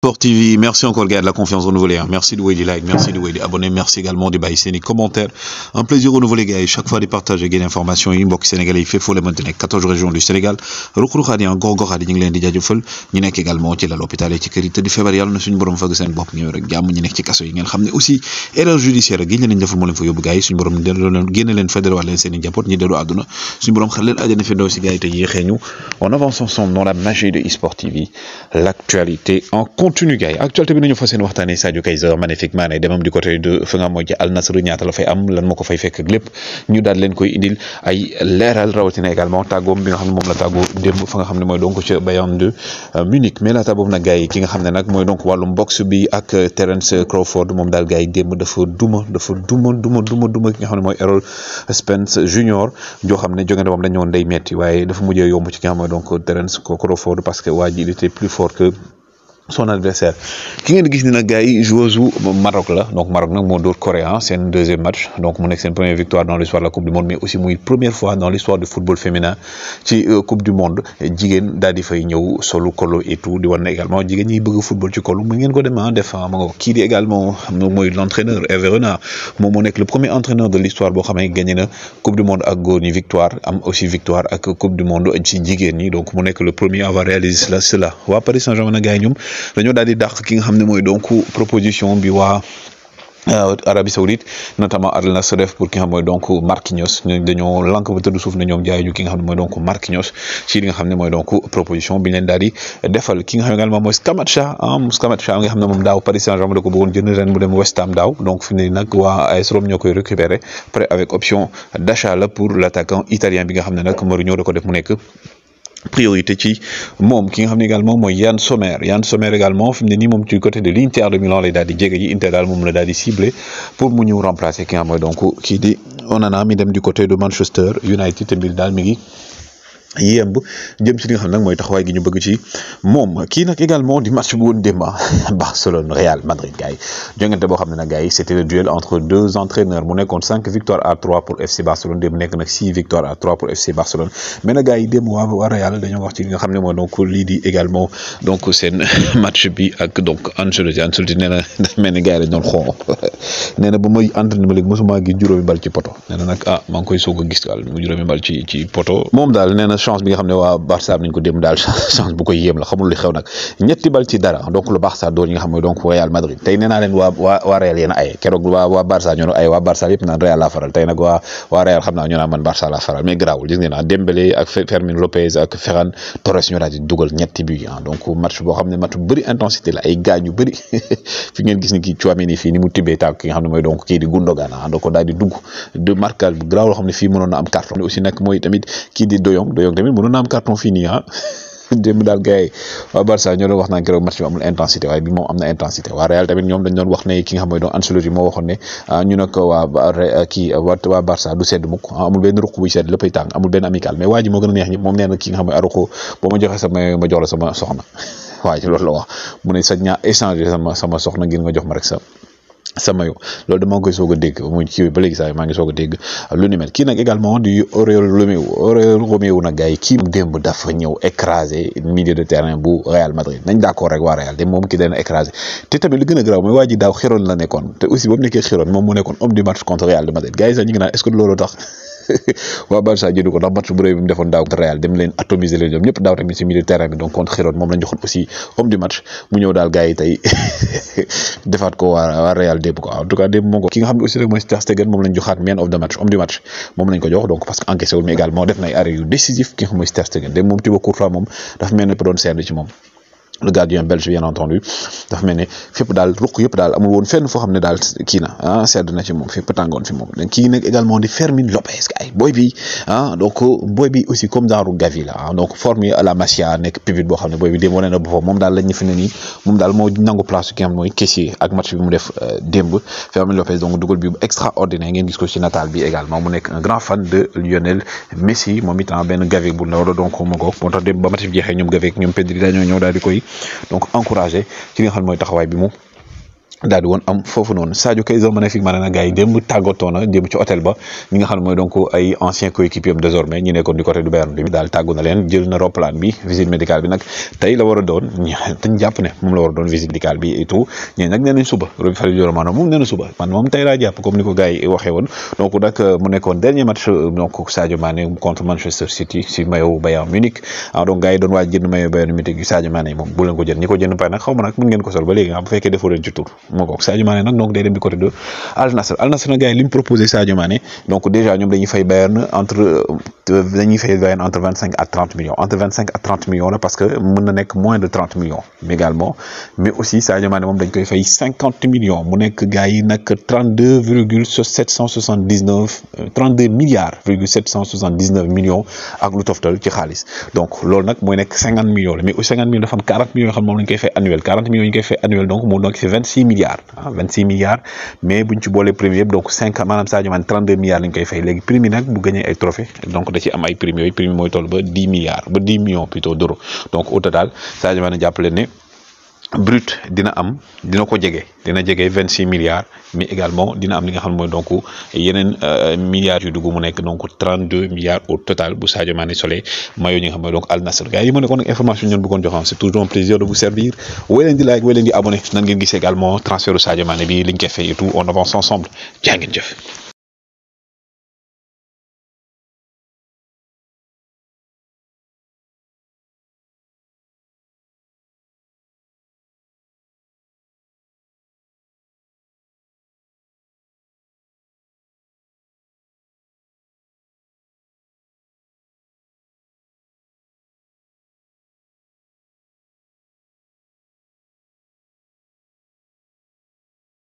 Sport TV, merci encore le gars de la confiance renouvelée. Hein. Merci de des likes, merci de des abonnés, merci également de baisser les commentaires. Un plaisir les gars et chaque fois de partager des informations inbox sénégalais fait faut les maintenir 14 régions du Sénégal. Rukru khadi en gogo khadi ñing leen di jaajeufal ñi nek également ci l'hôpital et ci kër te di fébar yalla na suñu borom fag seen bop ñew rek jamm ñi nek ci kasso yi xamné aussi erreur judiciaire gi ñeen defal mo leen fa yobbu gars yi suñu borom delu leen fédéral wal leen seen jappot ñi delu aduna suñu borom xal leen fi do gars yi te yexé ñu on avance ensemble dans la magie de Sport TV l'actualité en continue gars yi actualité bi nañu fas yéene waxtaanee Sadio Kaiser magnifique maanaam demam du côté de fi nga mooy ci Al Nassr ñaata la fay am lan moo ko fay fekk ak ñu daal leen koy indil ay leeral rawatina également tàggoom bi euh, moom daal gars yi dafa duma dafa duma duma ki nga xam ne mooy Errol Spence junior joo ne jóge na moom dañu woon day waaye dafa mujjee yomb ci nga xam ne donc Terence Crawford parce que waa ji plus fort que son adversaire ki ngeen gis ni nag gars yi Maroc la donc Maroc nag moo coréen hein, c'est un deuxième match donc mon nekk première victoire dans l'histoire de la coupe du monde mais aussi mon première fois dans l'histoire du football féminin ci euh, coupe du monde Jigen daal di fay ñëw kolo et tout di également Jigen ñiy football ci kolo mu ngeen ko demee hein, def qui hein, nga kii di également l'entraîneur Hervé Renard mon moo le premier entraîneur de l'histoire boo xam gagné na coupe du monde ak góor ñi victoire am aussi victoire ak coupe du monde ci donc mon le premier à avoir réalisé cela waa Paris Saint-Germain nag dañoo daal di dàq ki nga xam ne mooy donc proposition bi wa euh, Arabie Saoudite notamment Al Nassr def pour ki nga xam mooy donc Marquinhos dañoo lank ba tëdd xam ne mooy donc Marquinhos ci xam ne mooy donc proposition bi ñu leen defal ki nga xam également mooy Scamacca ah Scamacca nga xam ne moom daaw Paris Saint-Germain da ko bëggoon jënd ren mu dem West Ham daaw donc fi ne nag waa AS Rome ñoo koy récupérer prêt avec option d'achat pour l'attaquant italien bi nga xam ne nag Mourinho da ko def priorité ci mom ki nga xamné gal mom moy Yann Sommer Yann Sommer également fi ni mom ci côté de l'Inter de Milan lay daal di jege ji Inter daal moom la daal di pour mu ñëw remplacer ki nga moy donc ki di Onana mi dem du côté de Manchester United te mbir mi ngi. yemb jëm ci nga xam nag mooy taxawaay gi ñu bëgg ci moom kii nag également di match bu woon démba Barcelone Real Madrid gars yi boo xam ne nag gars nekkoon cinq à trois pour FC Barcelone démb nekk nag six à trois pour FC Barcelone mais nag gars waa waa Real dañoo ci nga xam ne mooy donc lii di également donc seen match bi ak donc Ancelotti Ancelotti nee na dafa mel ni gars yi ba may entraîné ma léegi mosuma gis juróomi bal ci chance bi nga xam ne waa Barça am ko dem daal chance bu ko yéem la xamul li xew nag ñetti bal ci dara donc lu Barça donc Real Madrid tey nee naa leen waa waa waa Real yéen a ay keroog waa waa Barça ñoo ay waa Barça yëpp faral tey nag waa waa xam naa ñu naan man Barça laa faral mais garaawul ah, ah. fi ngeen gis ni kii Tchouaméni fii ni mu tibbee tànk xam ne mooy donc kii di Gundogan ah donc daal dugg de marquage bu garaaw xam ne fii mënoon na am yow tamit mënu na carton fii ah. daal gars yi waa Barça ñoo wax naan keroog match bi moom am na intensité waa Real tamit ñoom dañ doon wax ne ki nga xam mooy doon ah, ah, amul benn ruq buy sedd léppay tàng amul benn amical mais waa ji moo gën a moom nee na ki nga xam mooy aruqo ma joxee sama soxna waaye loolu wax mu ne sa ñaa échanger sama soxna ngir nga jox ma rek sa sama yo loolu dama koy soog a dégg mu ci ba léegi saa maa ngi soog a dégg lu ni mel kii nag également di Oriol Romeu Oriol Romeu nag gars yi kii démb dafa ñëw écrasé milieu de terrain bu Real Madrid nañ d'accord rek waa Real te moom ki dana écrasé te tamit li gën a garaaw mooy waa ji daaw xiroon la nekkoon te aussi ba nekkee xiroon moom mu nekkoon homme du match contre Real de Madrid gars sax ñu ngi naan tax waa Barça jënd ko ndax match bu rëy bi daaw Real dem leen atomiser leen ñoom ñëpp daaw tamit si milieu terrain donc contre Giroud moom lañ joxoon aussi homme du match mu ñëw daal gars yi defaat ko waa Real démb ko en tout cas démb moom lañ joxaat man of the match homme du match moom lañ ko jox donc parce que encaissé wul mais également def na ay arrêt yu décisif ki nga xam mooy Ter Stegen démb moom Thibaut Courtois moom dafa mel ne doon seetlu ci moom le gardien belge bien entendu dafa mel ne dal daal yep dal amul won fenn fo xamne dal ki na hein sedd na ci mom fep tangone fi mom donc kii également di Fermin Lopez ay booy bi ah, donc booy bi aussi comme genre gavila ah, donc formé à la Masia nek pivot bo xamne ne booy bi démb wane na boppam moom daal fi ne mom dal mo nangu place ki am moy mooy caissier ak match bi mu def euh, demb Fermin Lopez donc dougal bi bu extraordinaire ngeen gis ko ci natal bi également mu nek un grand fan de Lionel Messi moom itam ben Gavi bu ndaw donc moo ko moo tax démb ba match bi jeexee ñom gavik ñom Pedri dañu ñëw dal di koy. donc encouragé ki li nga xam ne mooy taxawaay bi mu daal di woon am foofu noonu Sadio Kay zone magnifique maanaam nag gars yi démb tàggatoo na démb ci hôtel ba ñi nga xam ne mooy donc ay anciens coéquipiers am désormais ñi nekkoon du côté du Bayern bi daal tàggu na leen jël a a doon visite médicale ko gars yi waxee woon donc nag euh, mu nekkoon dernier match euh, donc Sadio Mané ah, yi doon bu leen ko jënd ñi ko jënd pare nag xaw ngeen ko sol ba léegi nga ah, bu fekkee defoo leen ci moko sadio mané nak donc day dem du côté deux al nasser al nasser gaay lim proposer sadio mané donc déjà ñom dañuy fay bayern entre euh, dañuy fay bayern entre 25 à 30 millions entre 25 à 30 millions là parce que mën na nek moins de 30 millions également mais aussi sadio mané mom dañ koy fay 50 millions mu nek gaay nak 32,779 32 milliards,779 millions ak lu toftal ci xaaliss donc lool nak moy nek 50 millions mais 50 millions dafa 40 millions xam mom lañ koy fay annuel 40 millions ñu koy fay annuel donc mo donc c'est 26 milliards ah milliards mais buñ ci boolee yëpp donc maanaam Sadio Mané trente deux milliards lañ koy fay léegi prime nag bu gagné ay donc da ci am ay prime yooyu prime mooy toll ba dix milliards ba dix millions plutôt d'euros donc au total Sadio Mané jàppale ne brut dina am dina ko jege dina jege 26 milliards mais également dina am li nga xam moy donc yenen euh, milliards yu dugg mu nek donc 32 milliards au total bu Sadio Mané Soleil maillot nga donc Al Nassr gars yi mo nekkoon nag information ñoon bëggoon joxam c'est toujours un plaisir de vous servir woy di like woy leen di abonné nan ngeen gis également transfert Sadio Mané bi li ñu et tout on avance ensemble jaa ngeen